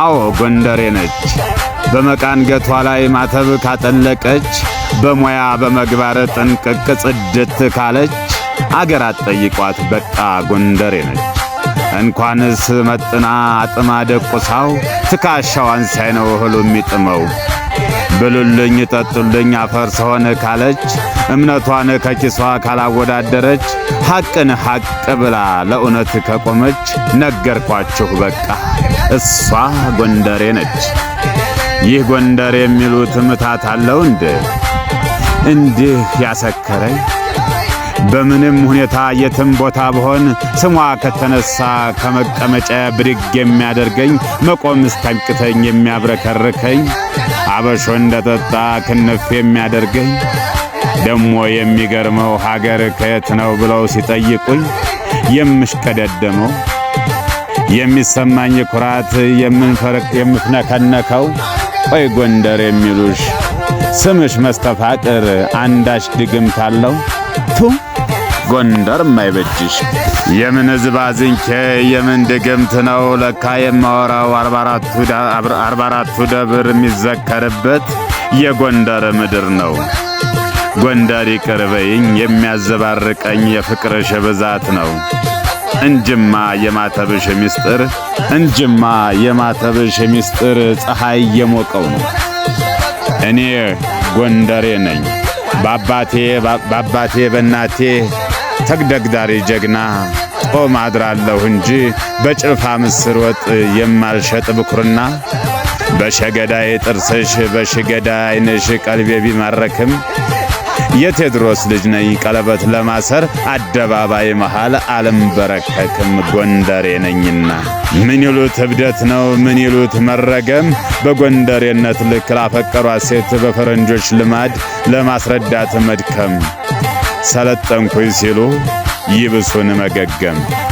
አዎ ጎንደሬ ነች። በመቃንገቷ ላይ ማተብ ካጠለቀች፣ በሙያ በመግባር ጥንቅቅ ጽድት ካለች፣ አገር አትጠይቋት በቃ ጎንደሬ ነች። እንኳንስ መጥና አጥማ ደቁሳው ትካሻዋን ሳይነው እህሉ የሚጥመው ብሉልኝ ጠጡልኝ አፈር ስሆን ካለች እምነቷን ከኪሷ ካላወዳደረች ሐቅን ሐቅ ብላ ለእውነት ከቆመች ነገርኳችሁ በቃ እሷ ጎንደሬ ነች። ይህ ጎንደር የሚሉት ምታት አለው እንዴ? እንዲህ ያሰከረኝ በምንም ሁኔታ የትም ቦታ ብሆን ስሟ ከተነሳ ከመቀመጫ ብድግ የሚያደርገኝ መቆም እስከንቅተኝ የሚያብረከርከኝ አበሾ እንደጠጣ ክንፍ የሚያደርገኝ ደሞ የሚገርመው ሀገር ከየት ነው ብለው ሲጠይቁኝ የምሽቀደደመው የሚሰማኝ ኩራት የምፍነከነከው ቆይ ጎንደር የሚሉሽ ስምሽ መስተፋቅር አንዳች ድግምት አለው ቱም ጎንደር ማይበጅሽ የምን አዝንኬ የምን ድግምት ነው ለካ የማወራው አርባ አራቱ ደብር የሚዘከርበት የጎንደር ምድር ነው። ጎንደር ይቅርበይኝ የሚያዘባርቀኝ የፍቅርሽ ብዛት ነው። እንጅማ የማተብሽ ሚስጥር እንጅማ የማተብሽ ሚስጥር ፀሐይ የሞቀው ነው። እኔ ጎንደሬ ነኝ። በአባቴ ባባቴ በእናቴ ተግደግዳሪ ጀግና ጾም አድራለሁ እንጂ በጭልፋ ምስር ወጥ የማልሸጥ ብኩርና በሸገዳ ጥርስሽ በሽገዳ አይንሽ ቀልቤ ቢማረክም የቴድሮስ ልጅ ነኝ ቀለበት ለማሰር አደባባይ መሃል አልንበረከክም ጎንደሬ ነኝና። ምን ይሉት እብደት ነው ምን ይሉት መረገም በጎንደሬነት ልክ ላፈቀሯት ሴት በፈረንጆች ልማድ ለማስረዳት መድከም ሰለጠንኩኝ ሲሉ ይብሱን መገገም